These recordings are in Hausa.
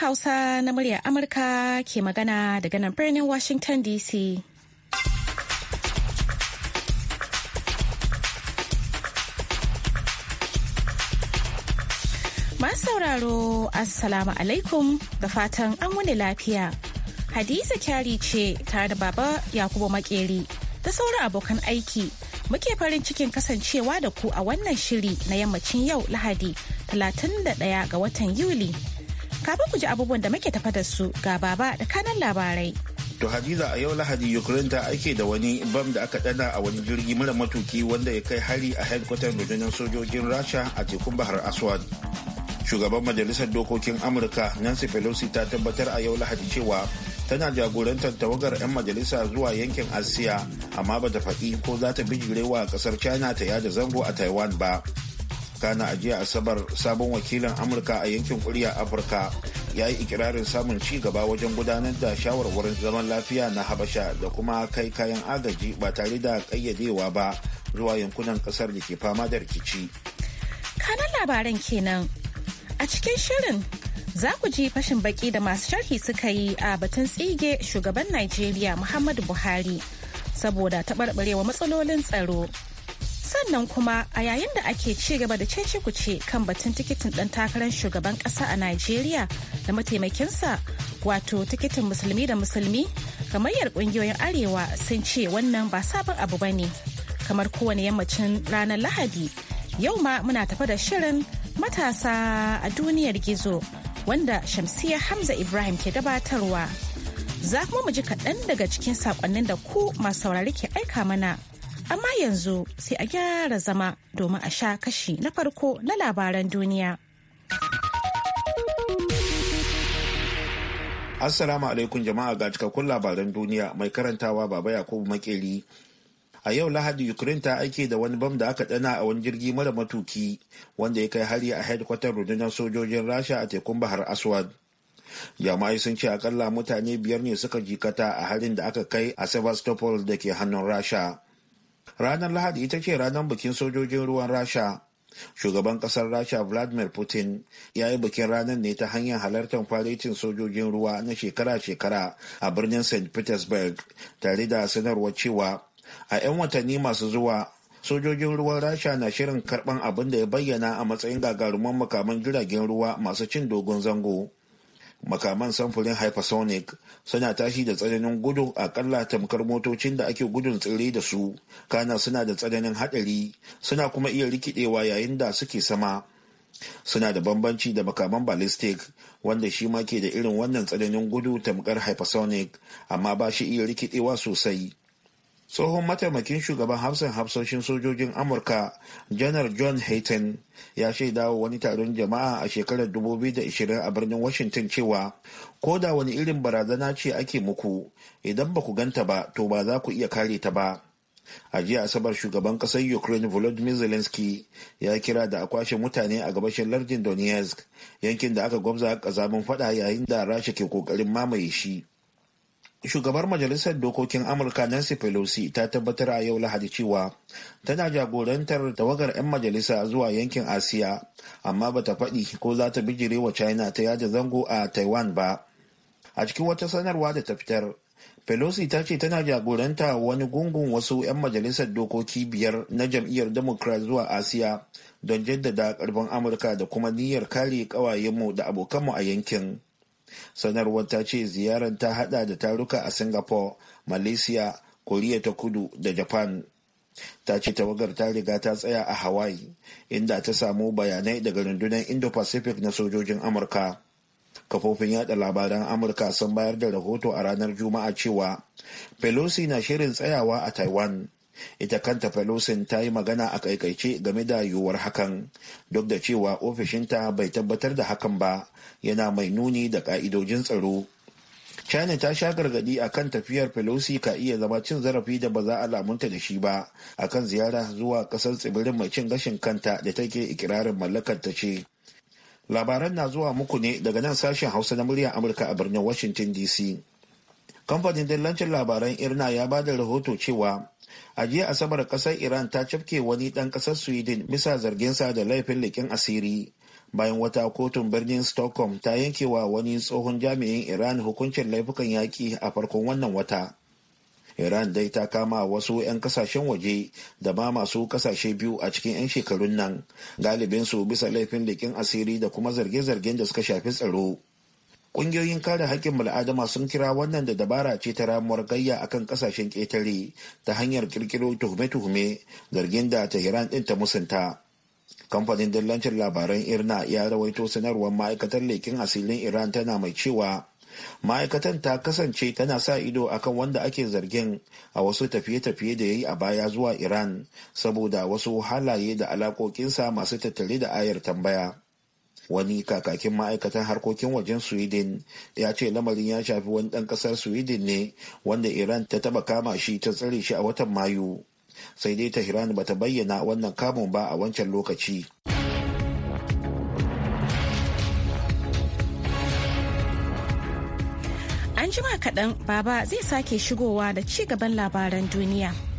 Hausa na muryar Amurka ke magana daga nan birnin Washington DC. Masu sauraro, Assalamu alaikum da fatan an wani lafiya. Hadiza kyari ce tare da baba Yakubu Makeri da sauran abokan aiki. Muke farin cikin kasancewa da ku a wannan shiri na yammacin yau Lahadi 31 ga watan Yuli Kafin ku ji abubuwan da muke tafa da su ga baba da kanan labarai. To Hadiza a yau Lahadi Ukraine ta aike da wani bam da aka dana a wani jirgi mara matuki wanda ya kai hari a headquarter rundunar sojojin Rasha a tekun Bahar Aswad. Shugaban Majalisar Dokokin Amurka Nancy Pelosi ta tabbatar a yau Lahadi cewa tana jagorantar tawagar 'yan majalisa zuwa yankin Asiya amma bata faɗi ko za ta bijirewa ƙasar China ta yada zango a Taiwan ba. kana a jiya asabar sabon wakilin amurka a yankin kuriya afirka ya yi ikirarin samun ci gaba wajen gudanar da shawarwarin zaman lafiya na habasha da kuma kai kayan agaji ba tare da ƙayyadewa ba zuwa yankunan kasar da ke fama da rikici kanan labaran kenan a cikin shirin za ku ji fashin baki da masu sharhi suka yi a batun tsige shugaban najeriya muhammadu buhari saboda taɓarɓarewa matsalolin tsaro sannan kuma a yayin da ake ci gaba da cece kuce kan batun tikitin ɗan takarar shugaban ƙasa a najeriya da mataimakinsa wato tikitin musulmi da musulmi gamayyar ƙungiyoyin arewa sun ce wannan ba sabon abu ba ne kamar kowane yammacin ranar lahadi yau ma muna tafa da shirin matasa a duniyar gizo wanda shamsiya hamza ibrahim ke gabatarwa za kuma mu ji kaɗan daga cikin saƙonnin da ku masu saurari ke aika mana Amma yanzu sai a gyara zama domin a sha kashi na farko na labaran duniya. Assalamu alaikum jama'a ga cikakkun labaran duniya mai karantawa Baba Yakubu Makeli. a yau lahadi ukraine ta aike da wani bam da aka dana a wani jirgi mara matuki wanda ya kai hari a hedkwatar rundunar sojojin rasha a tekun bahar aswad jama'ai sun ce akalla mutane biyar ne suka jikata a harin da aka kai a sevastopol da ke hannun rasha ranar lahadi ita ce ranar bikin sojojin ruwan rasha shugaban kasar rasha vladimir putin ya yi bikin ranar ne ta hanyar halartar faretin sojojin ruwa na shekara-shekara a birnin st petersburg tare da sanarwar cewa a 'yan watanni masu zuwa sojojin ruwan rasha na shirin karban abin da ya bayyana a matsayin gagarumin makaman jiragen ruwa masu cin dogon zango makaman samfurin hypersonic suna tashi da tsananin gudu a akalla tamkar motocin da ake gudun tsire da su kana suna da tsananin haɗari suna kuma iya rikidewa yayin da suke sama suna da bambanci da makaman ballistic wanda shi ma ke da irin wannan tsananin gudu tamkar hypersonic amma ba shi iya rikidewa sosai tsohon mataimakin shugaban hafsan hafsoshin sojojin amurka janar john hayton ya shaida wa wani taron jama'a a shekarar 2020 a birnin washington cewa ko da wani irin barazana ce ake muku idan ba ku ganta ba to ba za ku iya kare ta ba a jiya asabar shugaban kasar ukraine volodymyr zelensky ya kira da a kwashe mutane a gabashin lardin donetsk yankin da aka gwamza kazamin fada yayin da rasha ke kokarin mamaye shi Shugabar Majalisar Dokokin Amurka Nancy Pelosi ta tabbatar a yau Lahadi cewa tana jagorantar tawagar 'yan majalisa zuwa yankin Asiya, amma bata faɗi ko za ta bijire wa China ta yada zango a Taiwan ba. A cikin wata sanarwa da ta fitar, Pelosi ta ce tana jagoranta wani gungun wasu 'yan majalisar dokoki biyar na jam'iyyar Democrat zuwa Asiya don jaddada ƙarfin Amurka da kuma niyyar kare ƙawayenmu da abokanmu a yankin. sanarwar ta ce ziyarar ta hada da taruka a singapore malaysia koriya ta kudu da japan ta ce tawagar ta riga ta tsaya a hawaii inda ta samu bayanai daga rundunar indo-pacific na sojojin amurka kafofin yada labaran amurka sun bayar da rahoto a ranar juma'a cewa pelosi na shirin tsayawa a taiwan ita kanta pelosin ta yi magana a kaikaice game da yiwuwar hakan duk da cewa ofishinta bai tabbatar da hakan ba yana mai nuni da ka'idojin tsaro china ta sha gargadi a kan tafiyar pelosi ka iya zama cin zarafi da ba za a lamunta da shi ba a kan ziyara zuwa kasar tsibirin mai cin gashin kanta da take ikirarin mallakar ce labaran na zuwa muku ne daga nan sashen hausa na muryar amurka a birnin washington dc kamfanin dillancin labaran irna ya ba da rahoto cewa a jiya asabar kasar iran ta cafke wani dan kasar sweden bisa zarginsa da laifin likin asiri bayan wata kotun birnin stockholm ta yankewa wani tsohon jami'in iran hukuncin laifukan yaƙi a farkon wannan wata iran dai ta kama wasu 'yan kasashen waje da ma masu kasashe biyu a cikin 'yan shekarun nan galibinsu bisa laifin likin asiri da kuma zarge-zargen da suka shafi tsaro Ƙungiyoyin kare haƙƙin bil'adama sun kira wannan da dabara ce ta ramuwar gayya akan ƙasashen ƙetare ta hanyar ƙirƙiro tuhume-tuhume zargin da Tehran ɗin ta musanta Kamfanin dillancin labaran Irna ya rawaito sanarwar ma'aikatar lekin asirin Iran tana mai cewa ma'aikatan ta kasance tana sa ido akan wanda ake zargin a wasu tafiye-tafiye da ya yi a baya zuwa Iran saboda wasu halaye da alaƙoƙinsa masu tattare da ayar tambaya. wani kakakin ma'aikatan harkokin wajen sweden ya ce lamarin ya shafi wani ɗan ƙasar sweden ne wanda iran ta taba kama shi ta tsare shi a watan mayu sai dai tehran bata bayyana wannan kamun ba a wancan lokaci an jima kaɗan baba zai sake shigowa da ci gaban labaran duniya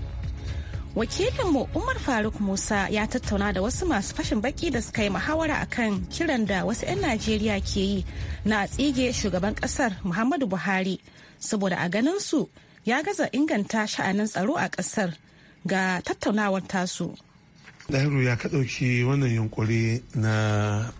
wakilinmu umar faruk musa ya tattauna da wasu masu fashin baki da suka yi muhawara kan kiran da wasu 'yan najeriya ke yi na tsige shugaban kasar muhammadu buhari saboda a ganin su ya gaza inganta sha'anin tsaro a kasar ga tattaunawar tasu dahiru ya ka ɗauki wannan yunkuri na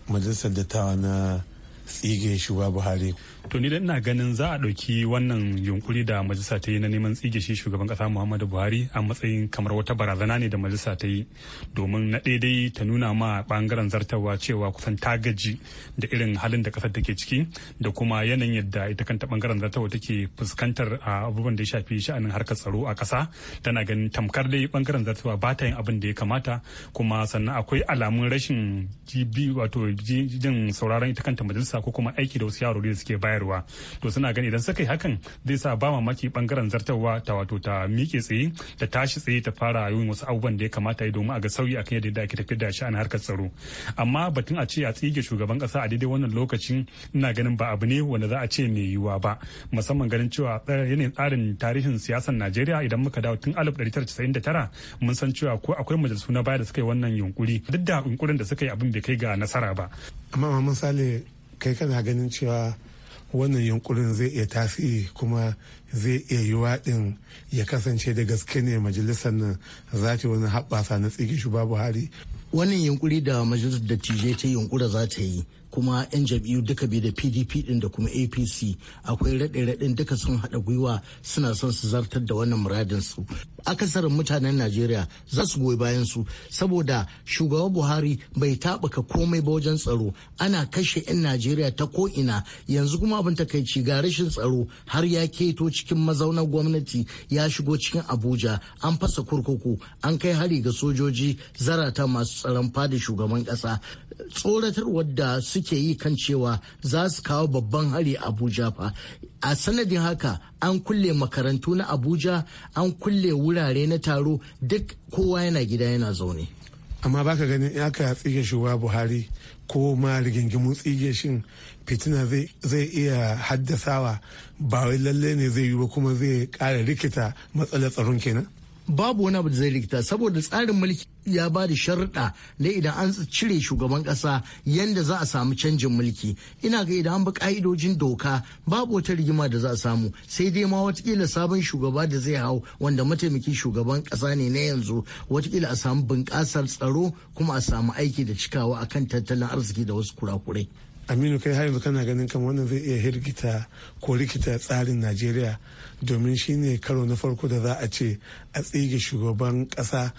majalisar dattawa na tsige shugaba buhari to ni da ina ganin za a ɗauki wannan yunkuri da majalisa ta yi na neman tsige shi shugaban kasa muhammadu buhari a matsayin kamar wata barazana ne da majalisa ta yi domin na daidai ta nuna ma bangaren zartawa cewa kusan ta gaji da irin halin da kasar take ciki da kuma yanayin yadda ita kanta bangaren zartawa take fuskantar abubuwan da ya shafi sha'anin harkar tsaro a kasa tana ganin tamkar dai bangaren zartawa ba ta yin abin da ya kamata kuma sannan akwai alamun rashin jibi wato jin sauraron ita kanta majalisa ko kuma aiki da wasu yaro da suke bayar bayarwa to suna gani idan suka yi hakan zai sa ba mamaki bangaren zartarwa ta wato ta miƙe tsaye ta tashi tsaye ta fara yin wasu abubuwan da ya kamata yi domin a ga sauyi akan yadda ake tafiyar da a harkar tsaro amma batun a ce a tsige shugaban kasa a daidai wannan lokacin ina ganin ba abu ne wanda za a ce mai yiwuwa ba musamman ganin cewa yanayin tsarin tarihin siyasar Najeriya idan muka dawo tun da tara mun san cewa ko akwai majalisu na baya da suka yi wannan yunkuri duk da yunkurin da suka yi abin bai kai ga nasara ba. Amma Mamman Sale kai kana ganin cewa wannan yunkurin zai iya tasiri kuma zai iya yi waɗin ya kasance da gaske ne majalisar nan za ta wani haɓasa na tsige babu hari. wannan yunkuri da majalisar dattijai ta yunkura za ta yi kuma 'yan jam'iyyu duka bai da pdp din da kuma apc akwai raɗe-raɗin duka sun haɗa gwiwa suna son su zartar da wannan muradin su akasarin mutanen najeriya za su goyi bayan su saboda shugaba buhari bai taɓuka komai ba wajen tsaro ana kashe 'yan najeriya ta ko'ina yanzu kuma abin takaici ga rashin tsaro har ya keto cikin mazaunar gwamnati ya shigo cikin abuja an fasa kurkuku an kai hari ga sojoji zarata masu tsaron fada shugaban ƙasa tsoratar wadda suke yi kan cewa za su kawo babban hari abuja fa a sanadin haka an kulle makarantu na abuja an kulle wurare na taro duk kowa yana gida yana zaune amma baka ganin 'ya' ka tsige shugaba buhari ko ma rigingimun tsige shin fitina zai iya haddasawa ba wai lalle ne zai yi ba kuma zai kara rikita matsalar tsaron kenan babu wani abu da zai rikita saboda tsarin mulki ya ba da sharuɗa na idan an cire shugaban ƙasa yanda za a samu canjin mulki ina ga idan an bi ƙa'idojin doka babu wata rigima da za a samu sai dai ma watakila sabon shugaba da zai hau wanda mataimaki shugaban ƙasa ne na yanzu watakila a samu bunƙasar tsaro kuma a samu aiki da cikawa akan tattalin arziki da wasu kurakurai. aminu kai har yanzu kana ganin kama wannan zai iya hirgita ko rikita tsarin najeriya domin shine karo na farko da za a ce a tsige shugaban kasa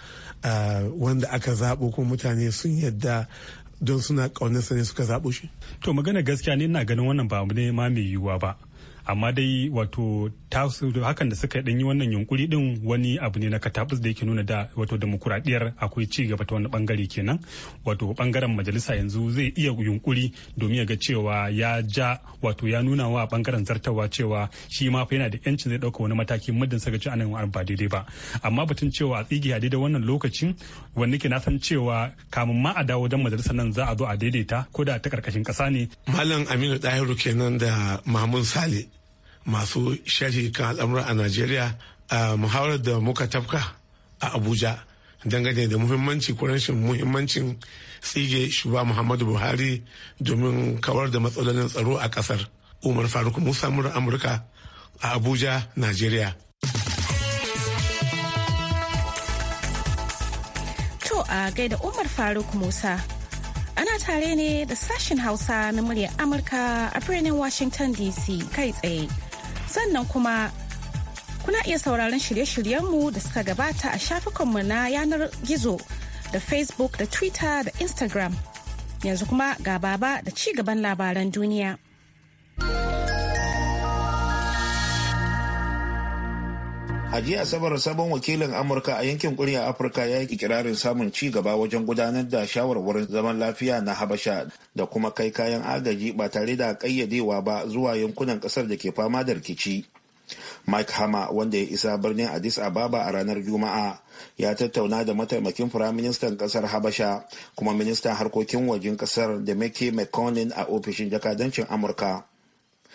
wanda aka zaɓo ko mutane sun yadda don suna ƙaunarsa ne suka zaɓo shi to magana gaskiya ne ina ganin wannan ba ne ma mai yiwuwa ba amma dai wato hakan da suka yi wannan yunkuri din wani abu ne na katabus da yake nuna da wato demokuraɗiyar akwai ci gaba ta wani bangare kenan wato bangaren majalisa yanzu zai iya yunkuri domin ya ga cewa ya ja wato ya nuna wa bangaren zartawa cewa shi ma yana da yancin zai ɗauka wani mataki muddin saka ci anan ba daidai ba amma batun cewa a tsigi a daidai wannan lokacin wanda ke na san cewa kamun ma a dawo dan majalisar nan za a zo a daidaita ko da ta karkashin ƙasa ne. Malam Aminu Ɗahiru kenan da Mahmud Sale masu sharhi kan al'amura a najeriya a muhawarar da muka tafka a abuja dangane da muhimmanci ko rashin muhimmancin tsige shugaba muhammadu buhari domin kawar da matsalolin tsaro a kasar umar faruk musa mura amurka a abuja najeriya to a gaida umar faruk musa ana tare ne da sashen hausa na murya amurka a birnin washington dc kai tsaye sannan kuma kuna iya sauraron shirye-shiryenmu da suka gabata a shafukanmu na yanar gizo da facebook da twitter da instagram yanzu kuma ga baba da ci gaban labaran duniya a jiya asabar sabon wakilin amurka a yankin kuriya afirka ya yi kirarin samun ci gaba wajen gudanar da shawarwarin zaman lafiya na habasha da kuma kai kayan agaji ba tare da kayyadewa ba zuwa yankunan kasar da ke fama da rikici mike hama wanda ya isa birnin addis ababa a ranar juma'a ya tattauna da mataimakin firaministan kasar habasha kuma ministan harkokin wajen kasar da meke mcconnell a ofishin jakadancin amurka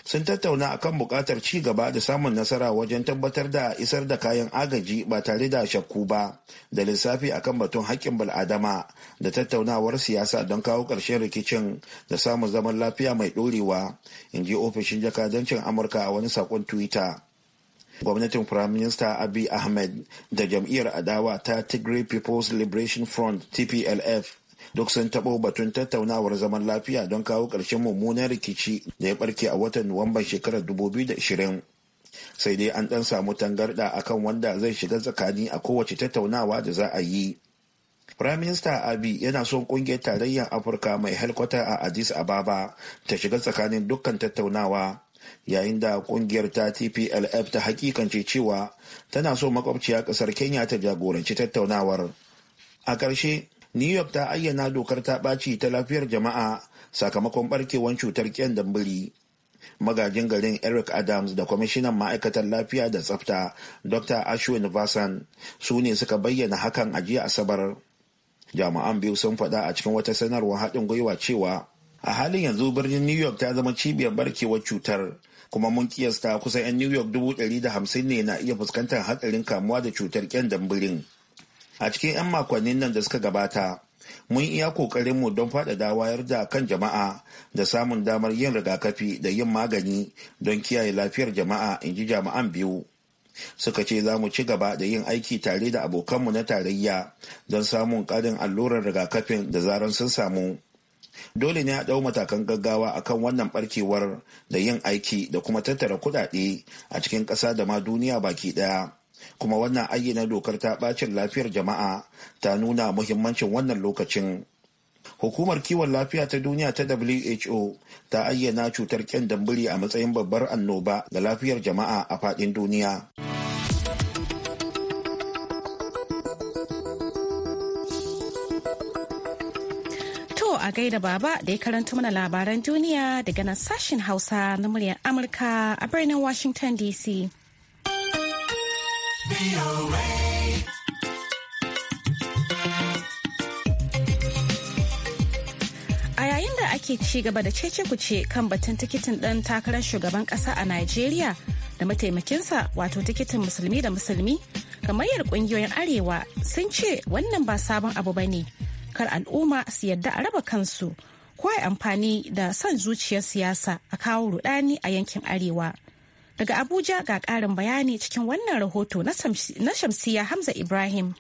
sun tattauna akan buƙatar ci gaba da samun nasara wajen tabbatar da isar da kayan agaji ba tare da shakku ba da lissafi akan batun haƙƙin bal'adama da tattaunawar siyasa don kawo ƙarshen rikicin da samun zaman lafiya mai ɗorewa in ji ofishin jakadancin amurka a wani saƙon twitter gwamnatin prime minister abiy ahmed da jam'iyyar adawa ta tigray people's liberation front tplf duk sun taɓo batun tattaunawar zaman lafiya don kawo ƙarshen mummunan rikici da ya ɓarke a watan Nuwamban shekarar dubu biyu da 2020. Sai dai an ɗan samu tangarɗa akan wanda zai shiga tsakani a kowace tattaunawa da za a yi. Prime Minister Abiy yana son ƙungiyar tarayyar Afirka mai helkwata a Addis Ababa ta shiga tsakanin dukkan tattaunawa yayin da ƙungiyar ta TPLF ta hakikance cewa tana so makwabciya ƙasar Kenya ta jagoranci tattaunawar. A ƙarshe, new york ta ayyana dokar ta ɓaci ta lafiyar jama'a sakamakon ɓarkewar cutar ƙyandan biri magajin garin eric adams da kwamishinan ma'aikatar lafiya da tsafta dr ashwin vasan su ne suka bayyana hakan a jiya asabar jami'an biyu sun faɗa a cikin wata sanarwar haɗin gwiwa cewa a halin yanzu birnin new york ta zama cibiyar barkewar cutar kuma mun kiyasta kusan 'yan new york dubu ɗari da hamsin ne na iya fuskantar hatsarin kamuwa da cutar ƙyan dambirin a cikin 'yan makonnin nan da suka gabata mun iya mu don faɗaɗa wayar da kan jama'a da samun damar yin rigakafi da yin magani don kiyaye lafiyar jama'a in ji jama'an biyu suka ce za mu ci gaba da yin aiki tare da abokanmu na tarayya don samun ƙarin allurar rigakafin da zaran sun samu dole ne a ɗau matakan gaggawa akan wannan ɓarkewar da yin aiki da kuma tattara kuɗaɗe a cikin ƙasa da ma duniya baki ɗaya kuma wannan ayyana dokar ta bacin lafiyar jama'a ta nuna muhimmancin wannan lokacin hukumar kiwon lafiya ta duniya ta who ta ayyana cutar kyandambiri a matsayin babbar annoba ga lafiyar jama'a a faɗin duniya to a gaida baba da ya karanta mana labaran duniya daga nan sashen hausa na muryar amurka a birnin washington dc A yayin da ake ci gaba da cece kuce kan batun tikitin ɗan takarar shugaban ƙasa a Najeriya da mataimakinsa wato tikitin musulmi da musulmi, gamayyar ƙungiyoyin Arewa sun ce wannan ba sabon abu ba ne, kar al'umma su yadda a raba kansu ko amfani da son zuciyar siyasa a kawo rudani a yankin Arewa. Daga Abuja ga karin bayani cikin wannan rahoto na Shamsiya Hamza Ibrahim.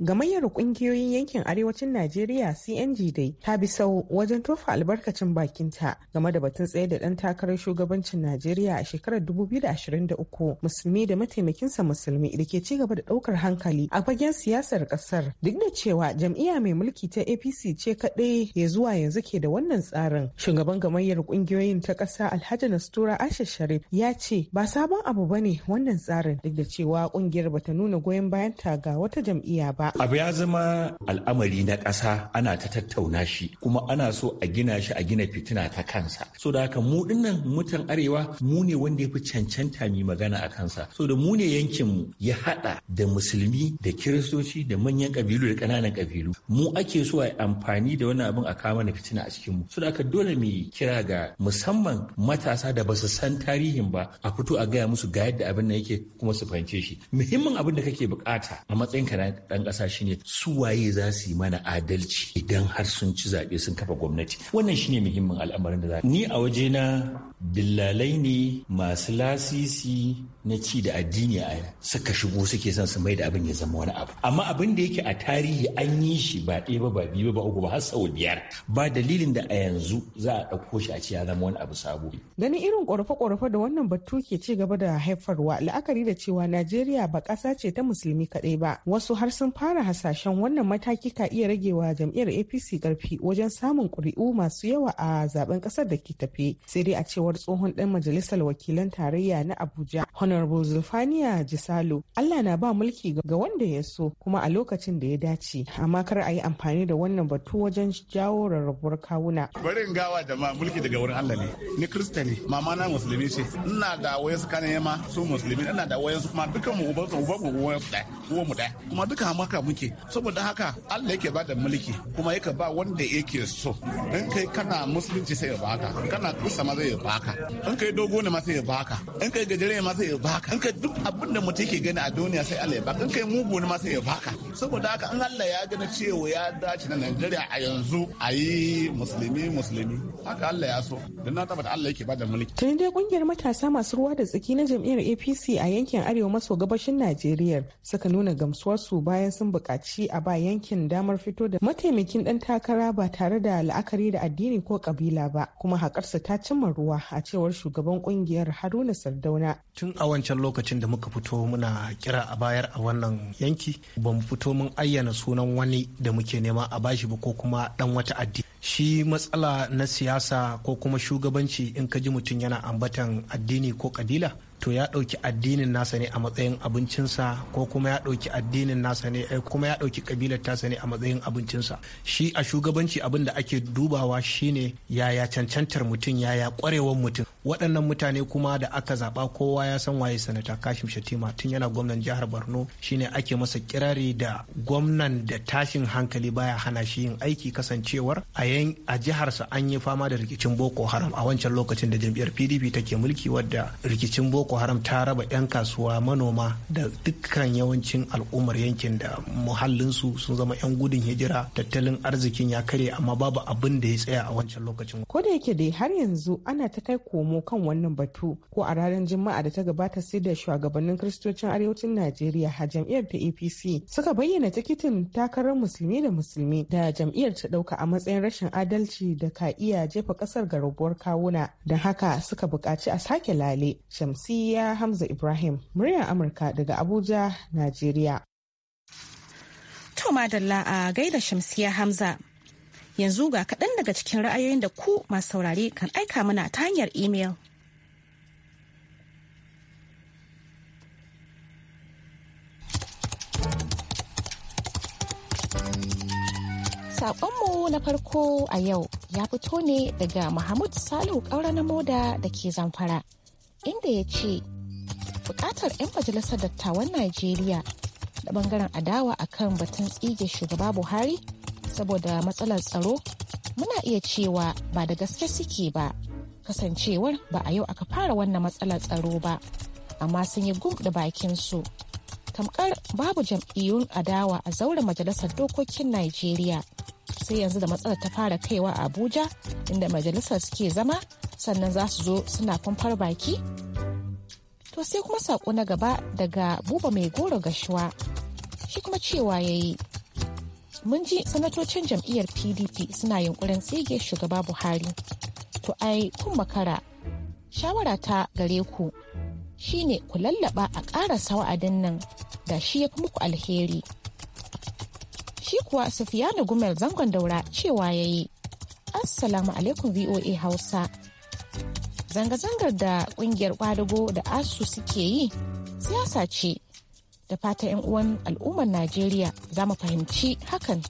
Gamayyar kungiyoyin yankin arewacin Najeriya CNG dai ta bi sau wajen tofa albarkacin bakinta game da batun tsaye da dan takarar shugabancin Najeriya a shekarar 2023 musulmi da mataimakinsa musulmi da ke ci gaba da ɗaukar hankali a fagen siyasar ƙasar duk da cewa jam'iyya mai mulki ta APC ce kadai, ya zuwa yanzu ke da wannan tsarin. Shugaban gamayyar kungiyoyin ta ƙasa Alhaji Nastura Asha Sharif ya ce ba sabon abu bane wannan tsarin duk da cewa kungiyar bata nuna goyon bayanta ga wata jam'iyya ba. ba. Abu ya zama al'amari na ƙasa ana ta tattauna shi kuma ana so a gina shi a gina fitina ta kansa. So da haka mu dinnan mutan arewa mu ne wanda ya fi cancanta mai magana a kansa. So da mu ne yankin mu ya haɗa da musulmi da kiristoci da manyan ƙabilu da ƙananan ƙabilu. Mu ake so a amfani da wannan abin a kawo mana fitina a cikin mu. So da haka dole mu kira ga musamman matasa da basu san tarihin ba a fito a gaya musu ga yadda abin nan yake kuma su fahimce shi. Muhimmin abin da kake bukata a matsayinka na ɗan ƙasa siyasa shine su waye za su yi mana adalci idan har sun ci zaɓe sun kafa gwamnati wannan shine muhimmin al'amarin da za ni a waje na dillalai ne masu lasisi na ci da addini a suka shigo suke son su mai da abin ya zama wani abu amma abin da yake a tarihi an yi shi ba ɗaya ba ba biyu ba uku ba har sau biyar ba dalilin da a yanzu za a ɗauko shi a ci ya zama wani abu sabo. ganin irin ƙorafe-ƙorafe da wannan batu ke ci gaba da haifarwa la'akari da cewa najeriya ba ƙasa ce ta musulmi kaɗai ba wasu har sun fara hasashen wannan mataki ka iya rage wa jam'iyyar apc ƙarfi wajen samun ƙuri'u masu yawa a zaben ƙasar da ke tafe sai dai a cewar tsohon ɗan majalisar wakilan tarayya na abuja Honorable Zulfaniya Jisalo, Allah na ba mulki ga wanda ya so kuma a lokacin da ya dace, amma kar a yi amfani da wannan batu wajen jawo rarrabuwar kawuna. Bari in gawa da ma mulki daga wurin Allah ne, ni Kirista ne, mama na musulmi ce, ina da wayan su kanin yamma su musulmi, ina da wayan su kuma dukan mu uban su uban mu uban su uwan mu da, kuma duka haka muke, saboda haka Allah yake ba da mulki kuma yake ba wanda yake so. In kai kana musulunci sai ya baka, kana kusa ma zai ya baka, in kai dogo ne ma sai ya baka, in kai gajere ma sai ya baka. baka in ka duk abin da mutum yake gani a duniya sai Allah ya baka in kai mugu ne ma sai ya baka saboda haka an Allah ya gani cewa ya dace na Najeriya a yanzu a yi musulmi musulmi haka Allah ya so don na tabbata Allah yake bada mulki tuni dai kungiyar matasa masu ruwa da tsaki na jam'iyyar APC a yankin arewa maso gabashin Najeriya suka nuna gamsuwar su bayan sun buƙaci a ba yankin damar fito da mataimakin ɗan takara ba tare da la'akari da addini ko ƙabila ba kuma haƙarsa ta cimma ruwa a cewar shugaban kungiyar Haruna Sardauna tun a wancan lokacin da muka fito muna kira a bayar a wannan yanki ba mu fito fito mun ayyana sunan wani da muke nema a bashi ba ko kuma dan wata addini shi matsala na siyasa ko kuma shugabanci in ka ji mutum yana ambatan addini ko kabila to ya ɗauki addinin nasa ne a matsayin abincinsa ko kuma ya ɗauki addinin nasa ne eh, kuma ya ɗauki kabilar tasa ne a matsayin abincinsa shi a shugabanci abin da ake dubawa shine yaya cancantar mutum yaya ƙwarewar mutum waɗannan mutane kuma da aka zaɓa kowa ya san waye sanata kashim shatima tun yana gwamnan jihar borno shine ake masa kirari da gwamnan da tashin hankali baya hana shi yin aiki kasancewar a jiharsa an yi fama da rikicin boko haram a wancan lokacin da jam'iyyar pdp take mulki wadda rikicin boko boko haram ta raba 'yan kasuwa manoma da dukkan yawancin al'ummar yankin da muhallinsu sun zama 'yan gudun hijira tattalin arzikin ya kare amma babu abin da ya tsaya a wancan lokacin ko da yake dai har yanzu ana ta kai komo kan wannan batu ko a ranar juma'a da ta gabata sai da shugabannin kristocin arewacin najeriya a jam'iyyar ta apc suka bayyana tikitin takarar musulmi da musulmi da jam'iyyar ta dauka a matsayin rashin adalci da ka iya jefa kasar ga kawuna don haka suka buƙaci a sake lale shamsi ya Hamza Ibrahim, murya Amurka daga Abuja, Najeriya. To madalla a gaida Shamsiya Hamza. Yanzu ga kaɗan daga cikin ra'ayoyin da ku masu saurare kan aika mana ta hanyar imel. Sakonmu na farko a yau ya fito ne daga Mahmud salu ƙaura na Moda da ke Zamfara inda ya ce bukatar 'yan majalisar dattawan najeriya da bangaren adawa a kan batun tsige shugaba buhari saboda matsalar tsaro muna iya cewa ba da gaske suke ba kasancewar ba a yau aka fara wannan matsalar tsaro ba amma sun yi gum da bakinsu tamkar babu jam'iyyun adawa a zauren majalisar dokokin najeriya sai yanzu da matsalar ta fara kaiwa abuja inda majalisar suke zama sannan za su zo suna kumfar baki To sai kuma sako na gaba daga buba mai goro gashuwa. Shi kuma cewa ya yi. Mun ji sanatocin jam'iyyar PDP suna yunkurin tsige shugaba Buhari. To ai kun makara. Shawara ta gare ku Shi ne ku lallaba a ƙarasa wa'adin nan da shi ya fi muku alheri. Shi kuwa Sufiyanu Gumel zangon daura cewa ya yi. Assalamu alaikum VOA Hausa. zanga-zangar da kungiyar kwadago da asu suke yi siyasa ce da fata 'yan uwan al'ummar najeriya za mu fahimci hakan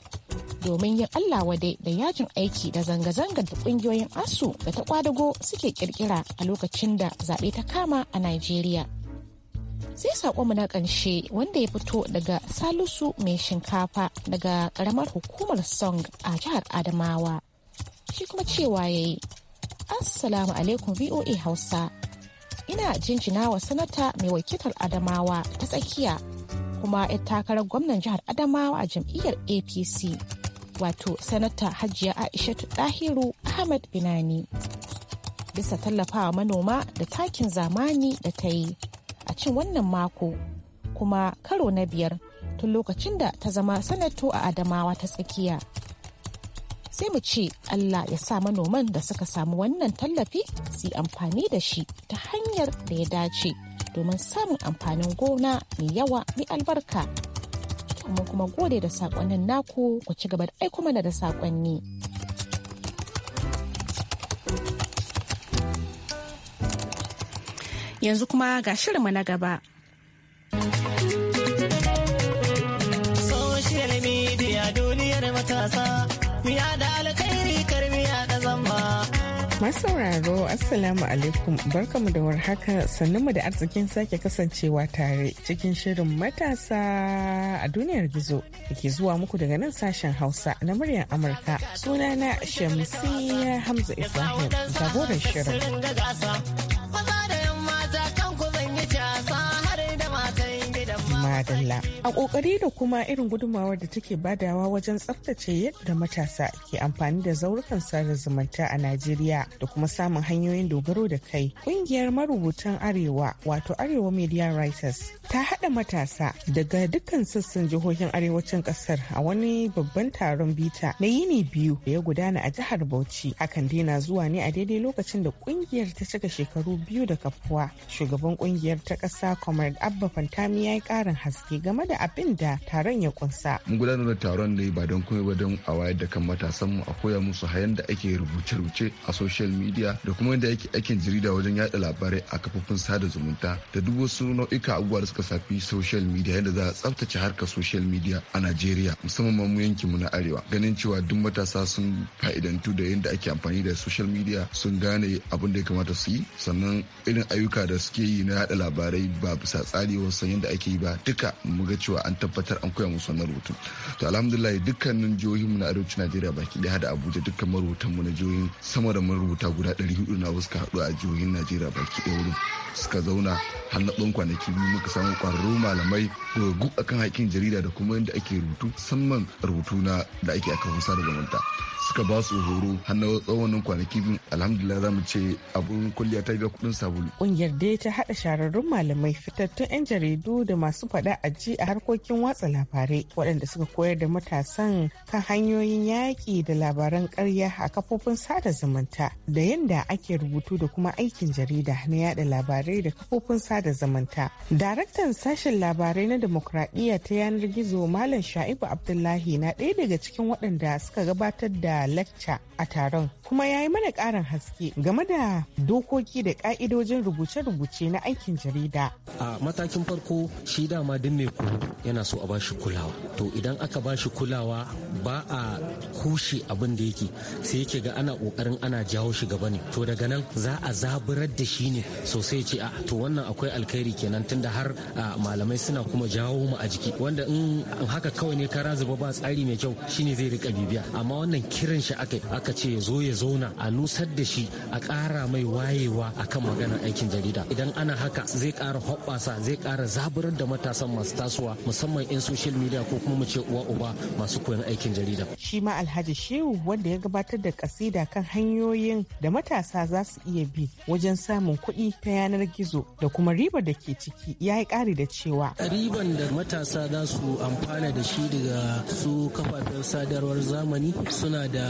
domin yin allah wade da yajin aiki da zanga-zangar da kungiyoyin asu da ta kwadago suke kirkira a lokacin da zaɓe ta kama a najeriya sai mu na ƙarshe wanda ya fito daga salisu mai shinkafa daga ƙaramar hukumar song a jihar adamawa shi kuma cewa ya yi Assalamu alaikum VOA Hausa. Ina jinjina wa sanata mai wakiltar Adamawa ta tsakiya kuma ya takarar gwamnan jihar Adamawa a jam'iyyar APC. Wato sanata Hajiya Aishatu Dahiru Ahmad Binani. Bisa tallafawa manoma da takin zamani da ta yi a cin wannan mako kuma karo na biyar tun lokacin da ta zama sanato a Adamawa ta tsakiya. sai mu ce Allah ya sa manoman da suka samu wannan tallafi su amfani da shi ta hanyar da ya dace domin samun amfanin gona mai yawa mai albarka. Mun kuma gode da saƙonnin naku ku ci gaba da aiko mana da saƙonni. Yanzu kuma ga shirinmu na gaba. Masauraro, da alkhairi karmiya da zamba Masu Assalamu alaikum barkamu da warhaka sannunmu da arzikin sake kasancewa tare cikin shirin matasa a duniyar gizo da ke zuwa muku daga nan sashen Hausa na muryar Amurka sunana Shamsiyya Hamza Ibrahim jagoran shirin. dalla a kokari da kuma irin gudumawar da take badawa wajen tsaftace yadda matasa ke amfani da zaurukan sada zumunta a najeriya da kuma samun hanyoyin dogaro da kai kungiyar marubutan arewa wato arewa media writers ta haɗa matasa daga dukkan sassan jihohin arewacin ƙasar a wani babban taron bita na yini biyu da ya gudana a jihar bauchi hakan na zuwa ne a daidai lokacin da kungiyar ta cika shekaru biyu da kafuwa shugaban kungiyar ta ƙasa comrade abba fantami ya yi ƙarin haske game da abin da taron ya kunsa. Mun gudanar da taron ne ba don komai ba don a wayar da kan matasan mu a koya musu hayan da ake rubuce-rubuce a social media da kuma yadda ake aikin jarida wajen yada labarai a kafofin sada zumunta da duk wasu nau'ika abubuwa da suka shafi social media yadda za a tsaftace harkar social media a Najeriya musamman mu yankin mu na arewa ganin cewa duk matasa sun fa'idantu da yadda ake amfani da social media sun gane abin da ya kamata su yi sannan irin ayyuka da suke yi na yada labarai ba bisa tsari wasan yadda ake yi ba duk duka mu ga cewa an tabbatar an koya musu wannan rubutu to alhamdulillah dukkanin jihohin mu na arewacin najeriya baki daya da abuja dukkan marubutan mu na jihohin sama da rubuta guda 400 na wasu hadu a jihohin najeriya baki daya wurin suka zauna har na dan kwanaki mu muka samu kwararru malamai gugu akan haƙƙin jarida da kuma yadda ake rubutu musamman rubutu na da ake aka husa da gwamnati suka ba su horo har na tsawon kwanaki biyu alhamdulillah za mu ce abun kulliya ta biya kudin sabulu. kungiyar dai ta haɗa shararrun malamai fitattun 'yan jaridu da masu faɗi faɗa a ji a harkokin watsa labarai waɗanda suka koyar da matasan kan hanyoyin yaƙi da labaran ƙarya a kafofin sada zumunta da yadda ake rubutu da kuma aikin jarida na yada labarai da kafofin sada zumunta. Daraktan sashen labarai na demokradiyya ta yanar gizo Malam Sha'ibu Abdullahi na ɗaya daga cikin waɗanda suka gabatar da lacca a taron kuma ya yi mana ƙarin haske game da dokoki da ƙa'idojin rubuce-rubuce na aikin jarida. A matakin farko shi dama duk mai koro yana so a bashi kulawa to idan aka bashi kulawa ba a kushe abin da yake sai yake ga ana kokarin ana jawo shi gaba ne to daga nan za a zaburar da shi ne sosai ce a to wannan akwai alkhairi kenan tunda har malamai suna kuma jawo mu a jiki wanda in haka kawai ne ka razuba ba tsari mai kyau shine zai rika bibiya amma wannan kiran shi aka aka ce ya zo ya zauna a nusar da shi a ƙara mai wayewa akan maganar aikin jarida idan ana haka zai ƙara hoɓɓasa zai ƙara zaburar da matasa matasan masu tasowa musamman 'yan social media ko kuma mu ce uwa uba masu koyon aikin jarida. Shi ma Alhaji Shehu wanda ya gabatar da kasida kan hanyoyin da matasa za su iya bi wajen samun kuɗi ta yanar gizo da kuma ribar da ke ciki ya yi ƙari da cewa. Riban da matasa za su amfana da shi daga su kafafen sadarwar zamani suna da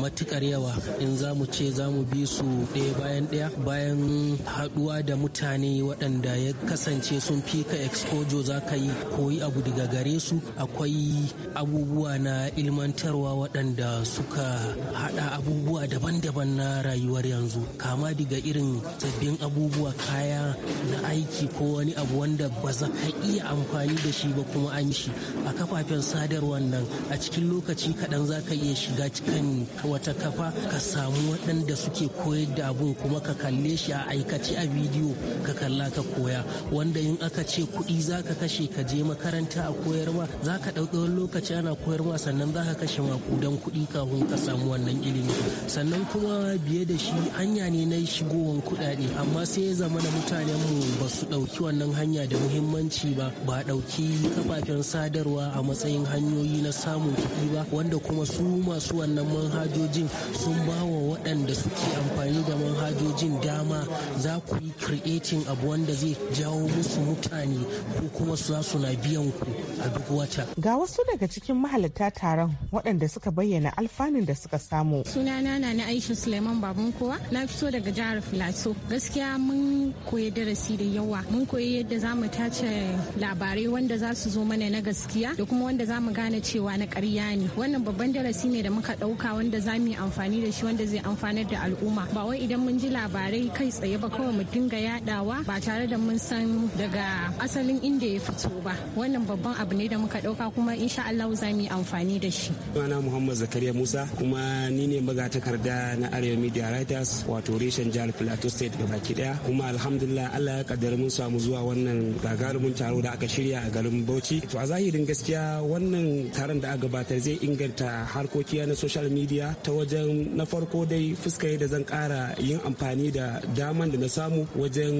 matukar yawa in za mu ce za mu bi su ɗaya bayan ɗaya bayan haɗuwa da mutane waɗanda ya kasance sun fi ka exposure za ka yi koyi abu daga gare su akwai abubuwa na ilmantarwa waɗanda suka haɗa abubuwa daban-daban na rayuwar yanzu kama daga irin sabbin abubuwa kaya na aiki ko wani abu wanda ba za ka iya amfani da shi ba kuma an shi a kafafen sadarwar nan a cikin lokaci kaɗan za ka iya shiga cikin wata kafa ka samu waɗanda suke koyar da abun kuma ka kalle shi a aikace a bidiyo ka kalla ka koya wanda in aka ce kuɗi za ka kashe ka je makaranta a koyarwa za ka ɗauki wani lokaci ana koyarwa sannan za ka kashe makudan kuɗi kafin ka samu wannan ilimi sannan kuma biye da shi hanya ne na shigowan kuɗaɗe amma sai ya zama na mutanen mu ba su ɗauki wannan hanya da muhimmanci ba ba ɗauki kafafen sadarwa a matsayin hanyoyi na samun kuɗi ba wanda kuma su masu wannan manhajojin sun ba wa waɗanda suke amfani da manhajojin dama za ku yi creating abu wanda zai jawo musu mutane ko kuma su su na biyan ku a duk wata. Ga wasu daga cikin mahalarta taron waɗanda suka bayyana alfanun da suka samu. Sunana na na Aisha Suleiman Baban kowa na fito daga jihar Filato. Gaskiya mun koyi darasi da yawa. Mun koyi yadda za mu tace labarai wanda za su zo mana na gaskiya da kuma wanda za mu gane cewa na ƙarya ne. Wannan babban darasi ne da muka ɗauka wanda za mu yi amfani da shi wanda zai amfanar da al'umma. Ba wai idan mun ji labarai kai tsaye ba kawai mu dinga yaɗawa ba tare da mun san daga asalin inda ya fito ba wannan babban abu ne da muka dauka kuma insha Allah za mu yi amfani da shi sunana Muhammad Zakariya Musa kuma ni ne magatakarda na Arewa Media Writers wato reshen jihar Plateau State baki daya kuma alhamdulillah Allah ya kaddara mun samu zuwa wannan gagarumin taro da aka shirya a garin Bauchi to a zahirin gaskiya wannan taron da aka gabatar zai inganta harkokiya na social media ta wajen na farko dai fuska da zan kara yin amfani da daman da na samu wajen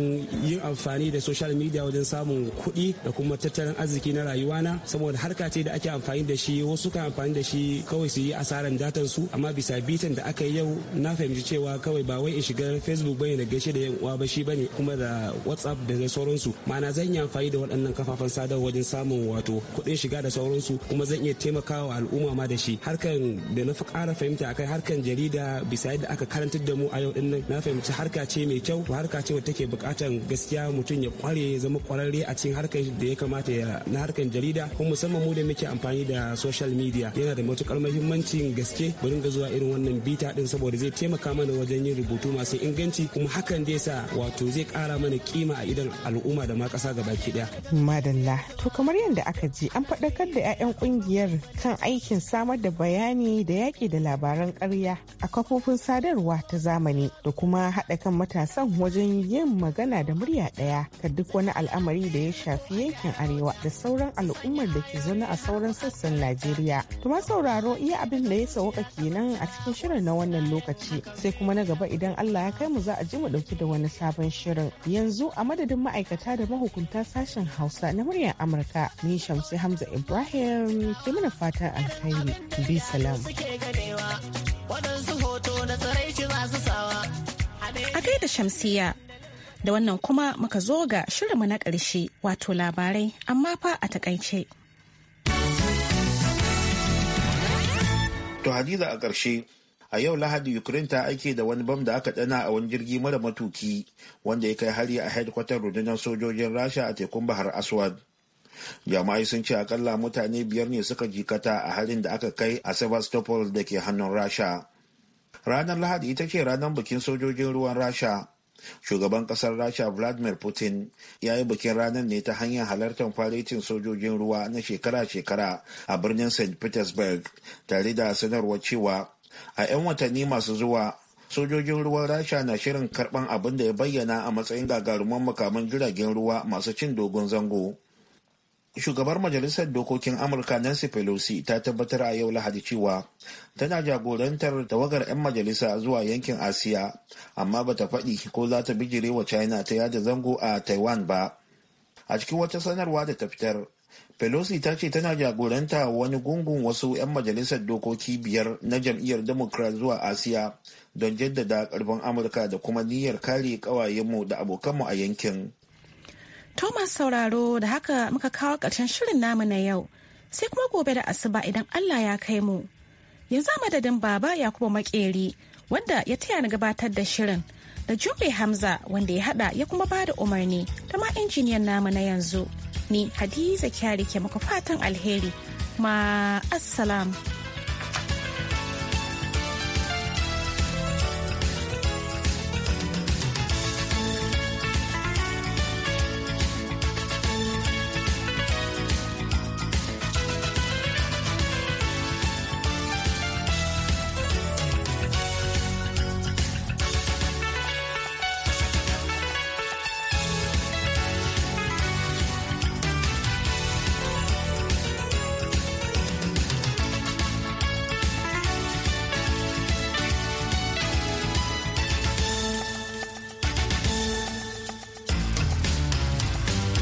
yin amfani da social media wajen samun kuɗi da kuma tattalin arziki na rayuwana saboda harka ce da ake amfani da shi wasu kan amfani da shi kawai su yi asaran datan su amma bisa bitan da aka yi yau na fahimci cewa kawai ba wai in shiga facebook bane da gaishe da yan uwa ba shi bane kuma da whatsapp da dai sauransu ma'ana zan yi amfani da waɗannan kafafen sadarwa wajen samun wato kuɗin shiga da sauransu kuma zan iya taimakawa al'umma ma da shi harkan da na fi ƙara fahimta akai harkan jarida bisa yadda aka karantar da mu a yau din na fahimci harka ce mai kyau to harka ce wadda take buƙatan gaskiya mutum ya kware ya zama kwararre a cikin harkar da ya kamata ya na harkan jarida kuma musamman mu da muke amfani da social media yana da matukar muhimmancin gaske bari ga zuwa irin wannan bita din saboda zai taimaka mana wajen yin rubutu masu inganci kuma hakan zai sa wato zai kara mana kima a idan al'umma da ma kasa ki daya madalla to kamar yadda aka ji an faɗakar da 'ya'yan kungiyar kan aikin samar da bayani da yaƙi da labaran ƙarya a kafofin sadarwa ta zamani da kuma haɗa kan matasan wajen yin magana da murya ɗaya ka duk wani al'amari da ya shafi yankin arewa da sauran al'ummar da ke zaune a sauran sassan najeriya to ma sauraro iya abin da ya sauka kenan a cikin shirin na wannan lokaci sai kuma na gaba idan allah ya kai mu za a ji mu dauki da wani sabon shirin yanzu a madadin ma'aikata da mahukunta sashen hausa na muryar amurka ni shamsi hamza ibrahim ke mana fatan alkhairi bi salam a shamsiya Da wannan kuma muka zo ga shirinmu na ƙarshe wato labarai amma fa a takaice. To Hadiza a ƙarshe, a yau Lahadi Ukraine ta aike da wani bam da aka dana a wani jirgi mara matuki wanda ya kai hari a hedkwatar rundunar sojojin Rasha a tekun Bahar Aswad. Jama'ai sun ce akalla mutane biyar ne suka jikata a halin da aka kai a Sevastopol da ke hannun Rasha. Ranar Lahadi ita ce ranar bikin sojojin ruwan Rasha shugaban kasar rasha vladimir putin ya yi bikin ranar ne ta hanyar halartar faretin sojojin ruwa na shekara-shekara a birnin st petersburg tare da sanarwar cewa a 'yan watanni masu zuwa sojojin ruwan rasha na shirin karban abin da ya bayyana a matsayin gagarumin makaman jiragen ruwa masu cin dogon zango shugabar majalisar dokokin amurka nancy pelosi ta tabbatar a yau lahadi cewa tana jagorantar tawagar 'yan majalisa zuwa yankin asiya amma bata faɗi ko za ta bijire wa china ta yada zango a taiwan ba a cikin wata sanarwa da ta fitar pelosi ta ce tana jagoranta wani gungun wasu 'yan majalisar dokoki biyar na jam'iyyar democrat zuwa asiya don jaddada karfin amurka da kuma niyyar kare ƙawayenmu da abokanmu a yankin Thomas sauraro da haka muka kawo ƙarshen shirin namu na yau sai kuma gobe da asuba idan Allah ya kai mu. Yanzu madadin baba Yakubu Makeri wanda ya taya ni gabatar da shirin da Jumbe Hamza wanda ya hada ya kuma bada umarni da ma injiniyan namu na yanzu. Ni Hadiza Kyari ke muku fatan alheri. Ma assalamu.